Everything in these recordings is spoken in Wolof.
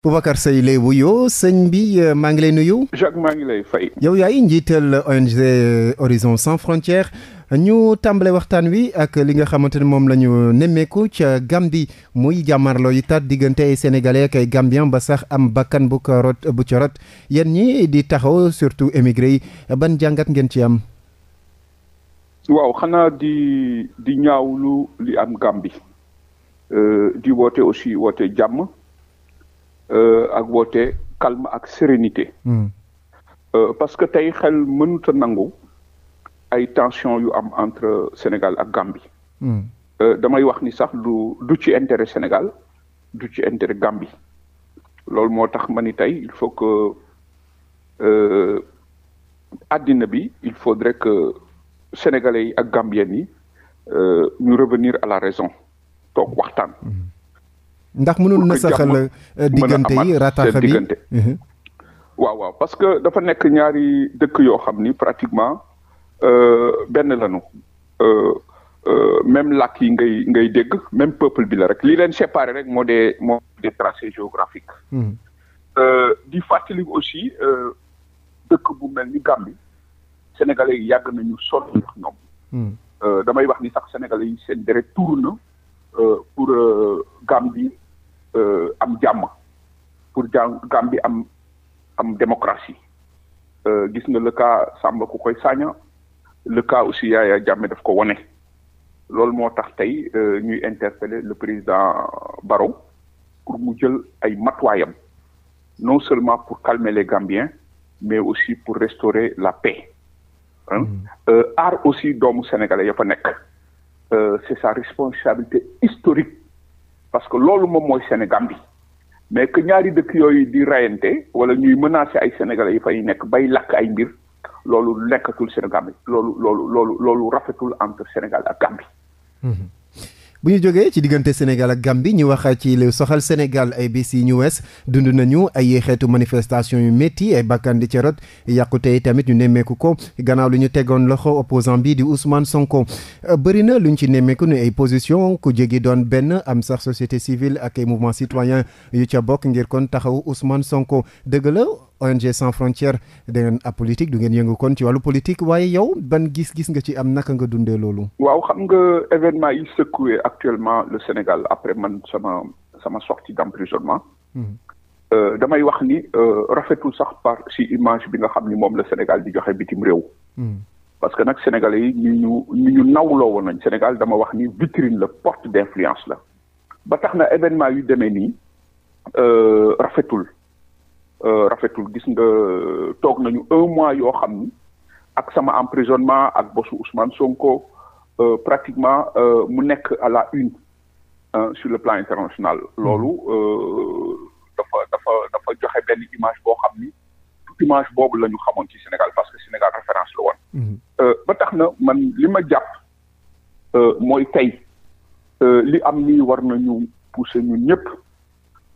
Boubacar Seye lay wuyoo sëñ bi euh, maa ngi lay nuyu. Jacques maa ngi lay fay. yow yaay njiital ONG Horizon Sans Frontières ñu tàmbale waxtaan wi ak li nga xamante ne moom lañu nemmeeku ca Gambie muy jàmmarloo yi tat diggante ay sénégalais ak ay gambien ba sax am bakkan bu ko rot bu ci yéen ñi di taxaw surtout émigré yi ban jàngat ngeen ci am. waaw xanaa di di ñaawlu li am Gambie. Euh, di woote aussi woote jàmm. Euh, ak woote calme ak sérénité. Hmm. Euh, parce que tey xel mënut a nangu ay tension yu am entre Sénégal ak Gambie. Hmm. Euh, damay wax ni sax du du ci intérêt Sénégal du ci intérêt Gambie loolu moo tax ma ni tey il faut que àddina bi il faudrait que sénégalais yi ak Gambien yi ñu revenir à la raison toog waxtaan. Hmm. ndax mënul na saxal diggante yi rataaxa bi mhm. waaw waaw parce que dafa nekk ñaari dëkk yoo xam ni pratiquement euh, benn lañu euh, euh, même làkk yi ngay ngay dégg même peuple bi la rek li leen séparé rek moo dee moo des tracés géographiques mhm. di fàttali aussi dëkk bu mel ni Gambie sénégalais yi yàgg nañu sol ndax mhm. ñoom damay wax ni sax sénégalais yi seen deret tuur na pour Gambie Euh, am jàmm pour Gambie am am démocratie euh, gis nga le ka Samba ku koy Saña le cas aussi Yaya Jammeh daf ko wone loolu moo tax tey euh, ñuy interpeller le président Barrow pour mu jël ay matuwaayam non seulement pour calmer les Gambiens mais aussi pour restaurer la paix mm. aar aussi doomu sénégalais ya fa nekk c'est sa responsabilité historique parce que loolu moom mooy Sénégal bi mais que ñaari dëkk yooyu di rayante wala ñuy menacer ay sénégalais yi fay nekk bay lakk ay mbir loolu nekkatul Sénégal bi loolu loolu loolu loolu rafetul entre Sénégal ak Gambie. Mhm. bu ñu jógee ci diggante Sénégal ak bi ñu wax ci lu soxal Sénégal ay bis yi ñu wees dund nañu ay xeetu manifestation yu métti ay bakkan di ca rot yàqute tamit ñu nemmeeku ko gannaaw lu ñu tegoon loxo opposant bi di Ousmane Sonko euh, bëri na lu ñu ci nemmeeku ne ay position ku jégi doon benn am sax société civile ak ay mouvement citoyen yu ca bokk ngir kon taxaw Ousmane Sonko dëgg la ONG sans frontières da ngeen ab politique du ngeen yëngu kon ci wàllu politique waaye yow ban gis-gis nga ci am naka nga dundee loolu. waaw xam nga événement yi secoué actuellement le Sénégal après man sama sama sortie d'emprisonnement. Hmm. Euh, damay wax ni euh, rafetul sax par si image bi nga xam ni moom la Sénégal di joxe bitim réew. Hmm. parce que nag sénégalais yi ñu ñu nawloo woon nañ Sénégal dama wax ni vitrine la porte d'influence la. ba tax na événement yu demee nii euh, rafetul. Euh, rafetul gis nga euh, toog nañu un mois yoo xam ni ak sama emprisonnement ak bosu Ousmane Sonko euh, pratiquement mu nekk à la une sur le plan international hmm. loolu dafa dafa dafa joxe benn image boo xam ni toute image boobu la ñu xamoon ci Sénégal parce que Sénégal référence la hmm. ba tax na man li ma jàpp mooy tey li am ni war nañu pousser ñun ñëpp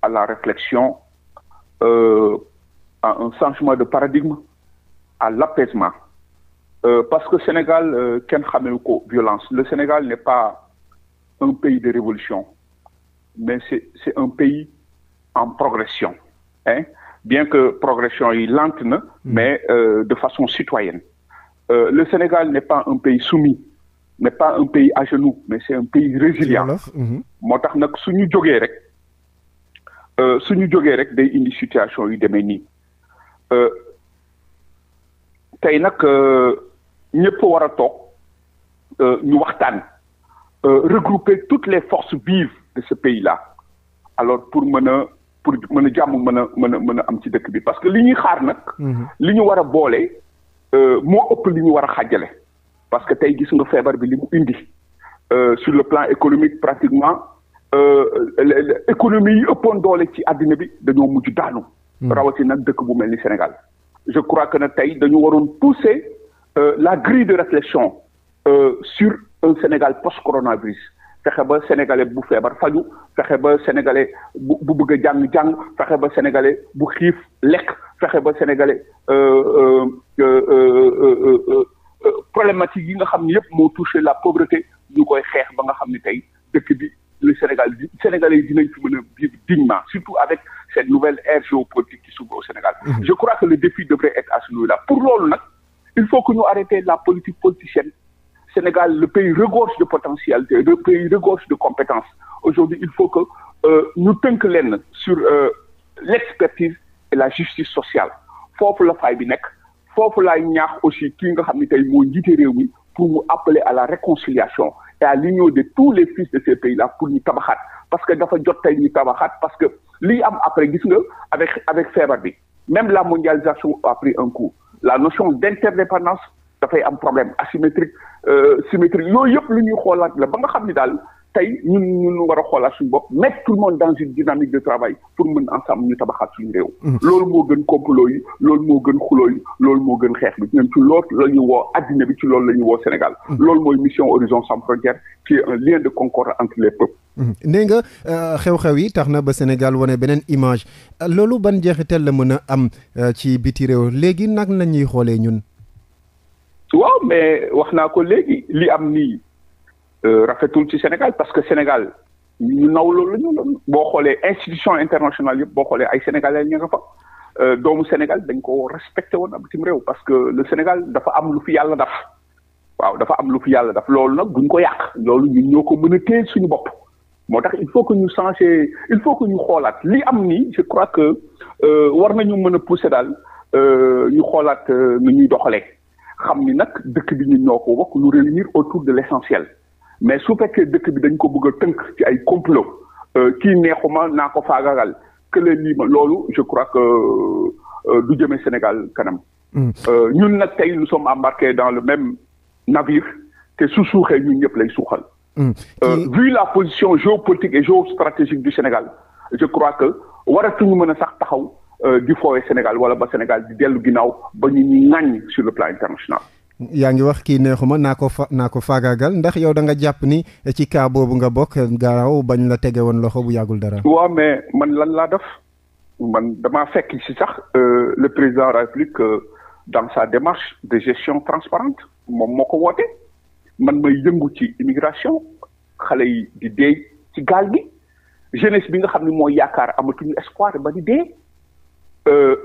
à la réflexion euh, à un changement de paradigme à l'apaisement euh, parce que Sénégal euh, kenn xamewu ko violence le Sénégal n'est pas un pays de révolution mais c'est c'est un pays en progression hein bien que progression yi lente na mm. mais euh, de façon citoyenne euh, le Sénégal n'est pas un pays soumis n'est pas un pays à genoux mais c'est un pays résilient mm-hmm. moo tax nag suñu jógee rek Euh, suñu jógee rek day indi situation yu demee nii euh, tey nag euh, ñëpp war a toog ñu waxtaan regrouper toutes les forces vives de ce pays là alors pour mën a pour mën a jàmm mën a mën a mën a am ci dëkk bi parce que li ñuy xaar nag mhm. li ñu war a boole moo ëpp li ñu war a xàjjale parce que tey gis nga feebar bi li mu indi sur le plan économique pratiquement Euh, économie yi ëppoon doole ci àddina bi dañoo mujj daanu. Hmm. rawatina dëkk bu mel ni Sénégal. je crois que nag tey dañu waroon pousser euh, la grille de réflexion euh, sur un Sénégal post coronavirus. fexe ba sénégalais bu feebar faju fexe ba sénégalais bu bu bëgg a jàng jàng fexe ba sénégalais bu xiif lekk fexe ba sénégalais problématique yi nga xam ne yëpp moo touché la pauvreté ñu koy xeex ba nga xam ni tey dëkk bi le Sénégal Sénégalais yi dinañ fi mën a vivre dignement surtout avec cette nouvelle ère géopolitique qui s'ouvre au Sénégal mhm. je crois que le défi devrait être à ce niveau-là pour loolu nag il faut que ñu arrêter la politique politicienne Sénégal le pays regorge de potentialité le pays regorge de compétences aujourd'hui il faut que euh, ñu tënk leen sur euh, l'expertise et la justice sociale foofu la fay bi nekk foofu laay ñaax aussi kii nga xam ne tey moo réew mi pour mu à la réconciliation et à l'union de tous les fils de ces pays-là pour ñu tabaxaat parce que dafa jot tey ñu tabaxaat parce que li am après gis nga avec avec feebar bi même la mondialisation a pris un coup la notion d'interdépendance dafay am problème asymétrique euh, symétrique yooyu yëpp lu ñuy xoolaat la ba nga xam ni daal tey ñun ñun war a xoolaat suñu bopp mettre tout le monde dans une dynamique de travail pour mën ensemble ñu tabaxaat suñu réew. Mm-hmm. loolu moo gën complot yi loolu moo gën xuloo loolu moo gën xeex bi ñun ci loolu la ñu woo addina bi ci loolu la ñu woo Sénégal. Mm-hmm. loolu mooy mission Horizon sans frontières qui est lien de concorde entre les peuples. nee mm-hmm. nga euh, xew-xew yi tax na ba Sénégal wane beneen image loolu ban jeexital la mën a am euh, ci biti réew léegi nag la ñuy xoolee ñun. waaw mais wax naa ko léegi li am Euh, rafetul ci Sénégal parce que Sénégal ñu naw loolu la ñu loolu boo xoolee institution internationale yëpp boo xoolee ay sénégalais ñu nga fa euh, doomu Sénégal dañ ko respecté woon a tim réew parce que le Sénégal dafa am lu fi yàlla daf waaw dafa am lu fi yàlla daf loolu nag buñ ko yàq loolu ñu ñoo ko mën a téye suñu bopp moo tax il faut que ñu changer il faut que ñu xoolaat li am nii je crois que euh, war nañu mën a pousser daal ñu xoolaat nu ñuy doxalee xam ni nag dëkk bi ñun ñoo ko bokk lu réunir autour de l'essentiel mais su fekkee dëkk bi dañ ko bëgg a tënk ci ay complot euh, kii neexuma naa ko faagagal que le lii ma loolu je crois que euh, du jëme Sénégal kanam. Mm. Euh, ñun nag tey nous sommes embarqués dans le même navire te su suuxee ñu ñëpp lay suuxal. Mm. vu la position géopolitique et géostratégique du Sénégal je crois que waratuñu mën a sax taxaw di foowe Sénégal wala ba Sénégal di dellu ginnaaw ba ñu ñu ŋàññ sur le plan international. yaa ngi wax kii neexuma naa ko fa naa ko faagaagal ndax yow da nga jàpp ni ci cas boobu nga bokk gaaw bañ la tege woon loxo bu yàggul dara. waaw mais man lan laa def man damaa fekk ci sax euh, le président de la République euh, dans sa démarche de gestion transparente moom moo ko woote man may yëngu ci immigration xale yi di dee ci gaal gi jeunesse bi nga xam ne mooy yaakaar amatuñu espoir ba di dee euh,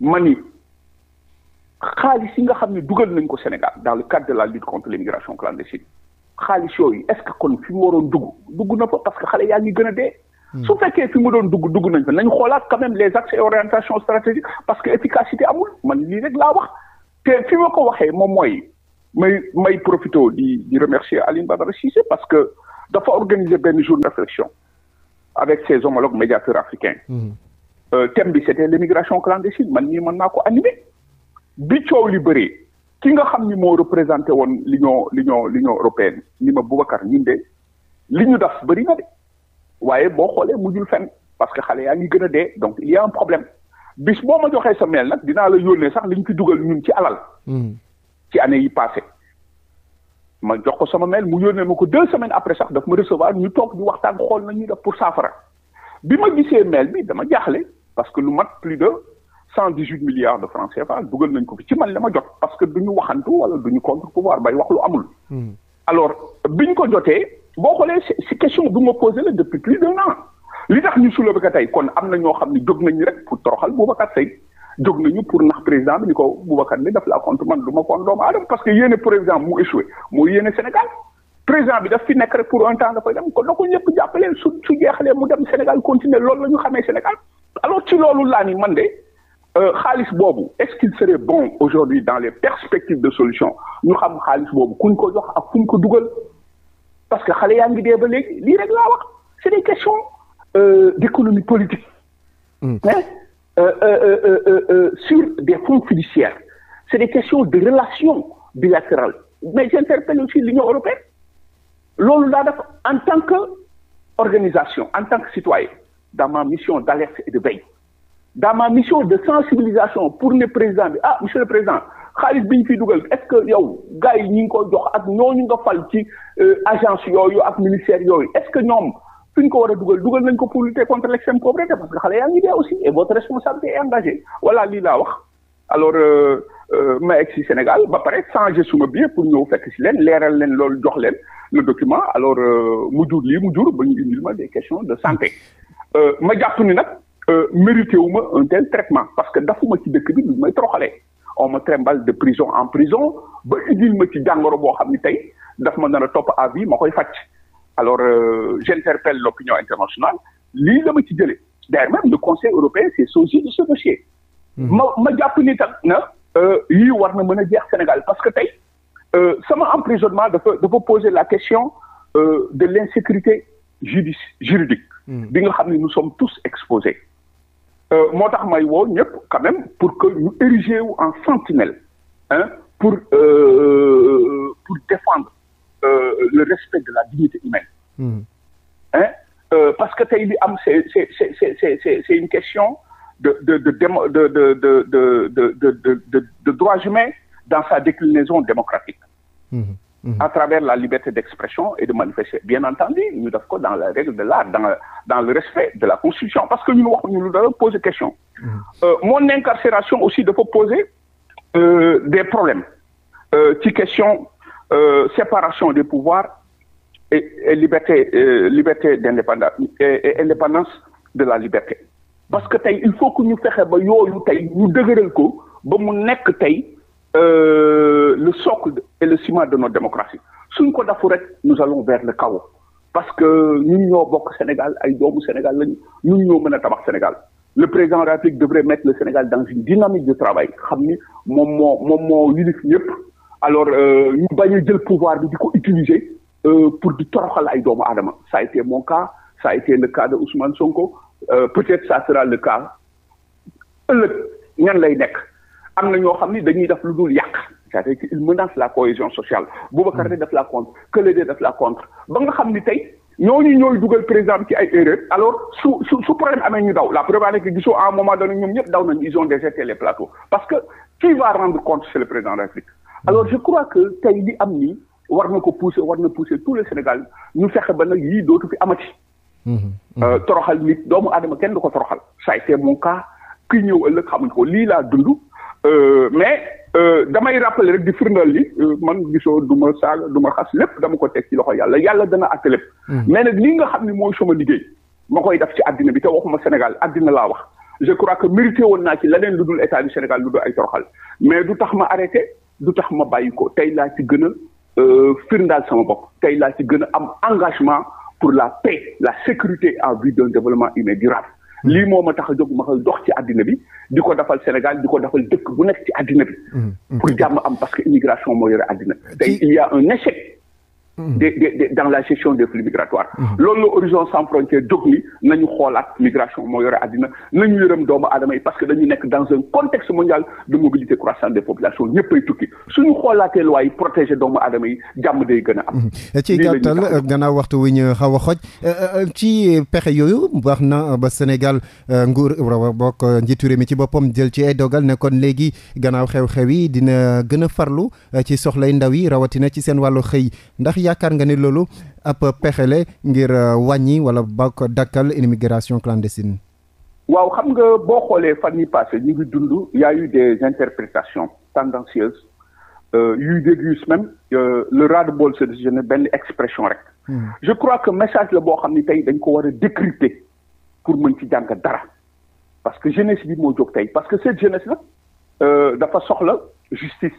mani xaalis yi nga xam ne dugal nañ ko Sénégal dans le cadre de la lutte contre l'immigration clandestine xaalis yooyu est-ce que kon fi mu waroon dugg dugg na fa parce que xale yaa ngi gën a dee. Hmm. su fekkee fi mu doon dugg dugg nañ fa nañ xoolaat quand même les axes et orientations parce que efficacité amul man lii rek laa wax te fi ma ko waxee moom mooy may may profité di di remercier Aline Badara Cissé parce que dafa organiser benn jour de réflexion avec ses homologues médiateurs africains. Hmm. Euh, thème bi c'était l'immigration clandestine man nii mën naa ko animer. bi coow li bëree ki nga xam ni moo représenté woon li li l'union li l'union européenne ni ma Boubacar ñun de li ñu daf bëri na de waaye boo xoolee mujjul fenn parce que xale yaa ngi gën a dee donc il y a un problème bis boo ma joxee sa mail nag dinaa la yónnee sax li liñ ci dugal ñun ci alal. Hmm. ci année yi passé ma jox ko sama mail mu yónnee ma ko deux semaines après sax daf ma recevoir ñu toog ñu waxtaan xool na ñuy def pour saafara bi ma gisee mail bi dama jaaxle parce que lu mat plus cent dix huit milliards de francs CFA dugal nañ ko fi ci man la ma jot parce que du ñu waxantu wala du ñu contre bay wax lu amul. Hmm. alors biñ ko jotee boo xoolee si question bi ma posé la depuis plus d'un li tax ñu soulevé ko tey kon am na ñoo xam ne jóg nañu rek pour toroxal Boubacar Seye jóg nañu pour nax président bi ni ko Boubacar ni daf laa contre man du ma contre doomu aadama parce que yéene par exemple mu échoué moo yéene Sénégal président bi daf fi nekk rek pour un temps dafay dem kon na ko ñëpp jàppaleen su su jeexalee mu dem Sénégal continuer loolu la ñu xamee Sénégal alors loolu laa man de. Euh, xaalis euh, boobu est-ce qu'il serait bon aujourd'hui dans les perspectives de solution ñu xam xaalis boobu kuñ ko jox ak fu ñu ko dugal parce que xale yaa ngi dee ba léegi lii rek laa wax c'est des questions euh, d'économie politique mm. hein euh, euh, euh, sur des fonds fiduciaires c'est des questions de relations bilatérales mais j'interpelle aussi l'Union européenne loolu daa def en tant que organisation en tant que citoyen dans ma mission d'alerte et de veille dans ma mission de sensibilisation pour le président bi ah monsieur le président xaalis bi ñu fiy dugal est-ce que yow gars yi ñu ngi ko jox ak ñooñu nga fal ci euh, agence yooyu ak ministère yooyu est-ce que ñoom fi ñu ko war a dugal dugal nañ ko pour lutter contre l'extrême pauvreté parce que xale yaa ngi dee aussi et votre responsabilité est engagée voilà lii laa wax alors euh, euh, ma egg si Sénégal ba pare changé suma biir pour ñëw fekk si leen leeral leen loolu jox leen le document alors mu jur lii mu jur ba ñu ma des questions de santé ma jàpp nag. Euh, mérité wu ma un tel traitement parce que ma ci dëkk bi may troxalee on me de prison en prison ba indil ma ci jàngoro boo xam ni tey daf ma nar a topp à ma koy fàcc alors euh, j'interpelle l'opinion internationale lii la ma ci jëlee d'ailleurs même le conseil européen s'est saisi de ce dossier mmh. ma ma jàpp ni tam na euh, yii war na mën a jeex Sénégal parce que tey sama emprisonnement dafa dafa poser la question de l'insécurité judi juridique mmh. bi nga xam ne nous sommes tous exposés Euh, moo tax may woo ñëpp quand même pour que ñu érigé wu en sentinelle hein pour euh, euh pour défendre euh, le respect de la dignité humaine. Hmm. parce que tey li am c'est c'est c'est c'est c'est c'est une question de de de de de de de de de de de droits humains dans sa déclinaison démocratique. Mmh. Mm-hmm. à travers la liberté d'expression et de manifester bien entendu ñu def ko dans la règle de l'art dans dans le respect de la constitution parce que ñun wax ñu lu dara poser question mm-hmm. euh, mon incarcération aussi dafa poser euh, des problèmes euh, ci question euh, séparation des pouvoirs et, et liberté euh, liberté d'indépendance et, indépendance de la liberté parce que tey il faut que ñu fexe ba yooyu tey ñu dëgëral ko ba mu nekk tey euh, le socle et le ciment de notre démocratie su ko dafu rek nous allons vers le chaos parce que ñun ñoo bokk Sénégal ay doomu Sénégal lañu ñun ñoo mën a tabax Sénégal le président de la République devrait mettre le Sénégal dans une dynamique de travail xam ni moom moo moom moo yilif ñëpp alors euh, ñu bañ a jël pouvoir bi di ko utiliser euh, pour di toroxal ay doomu aadama ça a été mon cas ça a été le cas de Ousmane Sonko euh, peut-être ça sera le cas ëllëg ñan lay nekk am na ñoo xam ni dañuy def lu dul yàq c'est-à-dire qu'il menace la cohésion sociale Boubacar hmm. de def la contre Kële de def la contre ba nga xam ni tey ñooñu ñooy dugal président ci ay erreur alors su su su problème amee ñu daw la preuve à que gisoo à moment donné ñoom ñëpp daw nañu ils ont déserté parce que qui va rendre compte c'est le président de la République hmm. alors je crois que tey di am nii war na ko pousser war na pousser tout le Sénégal ñu fexe ba nag yii dootu fi amati. Hmm. Euh, toroxal nit doomu aadama kenn ko toroxal. ça a été xamuñ ko lii laa dund. Euh, mais euh, damay rappelé rek di firndal li euh, man gisoo du ma saaga du ma xas lépp dama ko teg ci loxo yàlla yàlla dana àtte lépp. Hmm. mais nag li nga xam ne mooy sama liggéey ma koy def ci àddina bi te waxuma Sénégal àddina laa wax je crois que mérité woon naa ci leneen lu dul état du Sénégal lu dul ay toroxal mais du tax ma arrêté du tax ma bàyyi ko tey laa ci gën a firndaal sama bopp tey laa ci gën a am engagement pour la paix la sécurité en vue d'un développement humain lii moom ma tax a jóg ma xal dox ci àddina bi di ko dafal Sénégal di ko dafal dëkk bu nekk ci àddina bi. Mm-hmm. pour jàmm am parce que immigration moo yore àddina. tey il y un échec. Mm. des des dans la gestion des flux migratoires. Mm. loolu la horizon sans frontière jóg ni nañu xoolaat migration moo yore àddina nañu yërëm doomu aadama yi parce que dañu nekk dans un contexte mondial de mobilité croissante des populations ñëppay tukki suñu xoolaatee loi yi protéger doomu aadama yi jàmm day gën am. Mm. ci gàttal gannaaw waxtu wi ñu xaw a xoj euh, euh, ci pexe yooyu wax na ba Sénégal euh, nguur bokk njiitu réew mi ci boppam jël ci ay dogal ne kon léegi gannaaw xew-xew yi dina gën a farlu ci soxlay ndaw yi rawatina ci seen wàllu xëy yaakaar nga ne loolu ab pexele ngir euh, wàññi wala ba ko dakkal immigration clandestine. waaw xam nga boo xoolee fan yi passé ñu ngi dund yaa a eu des interprétations tendancieuses euh, yuy déguisent même euh, le ras-le-bol se déchaîne benn expression rek. Hmm. je crois que message la boo xam ni tey dañ ko war a pour mën ci jàng dara parce que jeunesse bi moo jóg tey parce que cette jeunesse la dafa soxla justice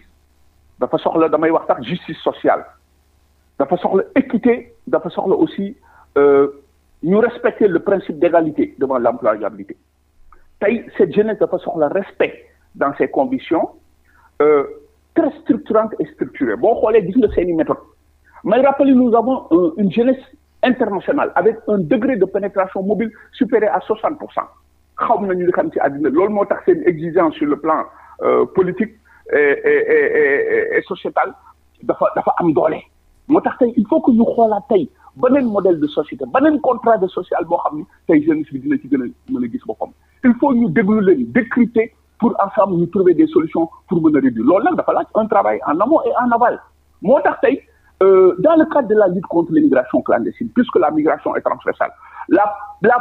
dafa soxla damay wax tax justice sociale. dafa soxla équité dafa soxla aussi euh, ñu respecter le principe d'égalité devant l'employabilité tey cette jeunesse dafa soxla respect dans ses conditions euh, très structurantes et structurées boo xoolee gis nga seeni méthode mais rappelez nous avons une jeunesse internationale avec un degré de pénétration mobile supérieur à 60 pour cent xaw nañu li xam ci àddina loolu moo tax seen exigence sur le plan euh, politique et et et et dafa dafa am doole. moo tax tey il faut que ñu xoolaat tey beneen modèle de société beneen contrat de social boo xam ne tey jeunesse bi dina ci gën a mën a gis boppam il faut ñu déglu leen décrypter pour ensemble ñu trouver des solutions pour mën a réduire loolu nag dafa laaj un travail en amont et en aval moo tax tey euh, dans le cadre de la lutte contre l'immigration clandestine puisque la migration est transversale la la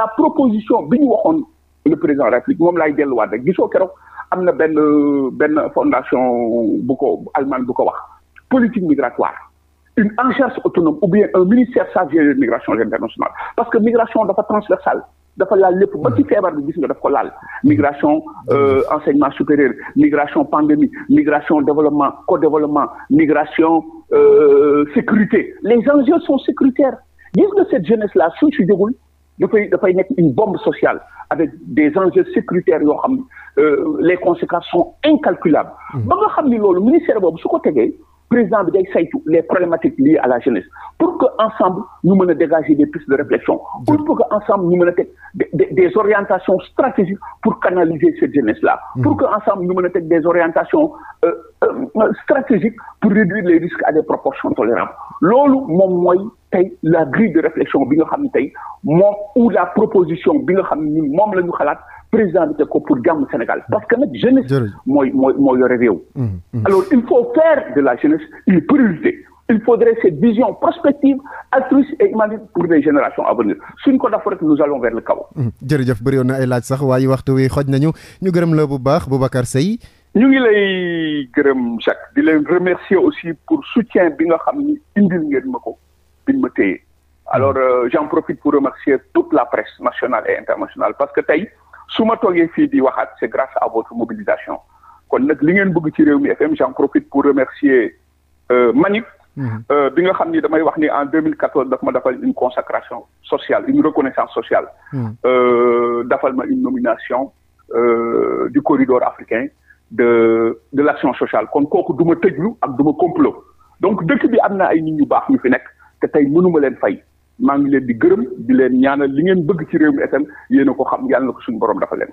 la proposition bi ñu waxoon le président de la République moom laay delluwaat rek gisoo keroog am na benn euh, benn fondation bu ko Allemagne bu ko wax politique migratoire une encherche autonome ou bien un ministère chargé de migration internationale parce que migration dafa transversale dafa laal lépp ba ci hmm. feebar bi gis nga daf ko laal migration euh, enseignement supérieur migration pandémie migration développement co-développement migration euh, sécurité les enjeux sont sécuritaires gis nga cette jeunesse là suñ si jógul dafay dafay nekk une bombe sociale avec des enjeux sécuritaires yoo xam euh, les conséquences sont incalculables hmm. ba nga xam ni loolu ministère boobu su ko tegee président bi day saytu les problématiques liées à la jeunesse pour que ensemble ñu mën a dégager des pistes de réflexion pour que ensemble ñu mën a teg des orientations stratégiques pour canaliser cette jeunesse là mmh. pour que ensemble ñu mën a teg des orientations euh, Euh, euh, stratégique pour réduire les risques à des proportions tolérables loolu moom mooy tey la grille de réflexion bi nga xam ne tey moom ou la proposition bi nga xam ne moom la ñu xalaat président bi teg ko pour jàmm Sénégal parce que nag jeunesse mooy mooy moo yore réew alors il faut faire de la jeunesse une priorité il faudrait cette vision prospective altruiste et humaniste pour les générations à venir suñ ko def rek nous allons vers le chaos laaj sax waaye waxtu wi xoj nañu ñu gërëm la bu baax Boubacar Seye ñu ngi lay gërëm Jacques di leen remercier aussi pour soutien bi nga xam ni indil ngeen ma ko biñ ma téye alors euh, j'en profite pour remercier toute la presse nationale et internationale parce que tey su ma toogee fii di waxaat c'est grâce à votre mobilisation kon nag li ngeen bëgg ci réew mi FM j'en profite pour remercier euh, Manip mm-hmm. euh, bi nga xam ni damay wax ni en 2014 daf ma defal une consécration sociale une reconnaissance sociale. Mm. Euh, dafal ma une nomination euh, du corridor africain. de de l'action sociale kon kooku du ma tëjlu ak duma ma complot donc dëkk bi am na ay nit ñu baax ñu fi nekk te tey mënuma leen fay maa ngi leen di gërëm di leen ñaanal li ngeen bëgg ci réew mi itam yéen ko xam yàlla na ko suñu borom dafa leen ko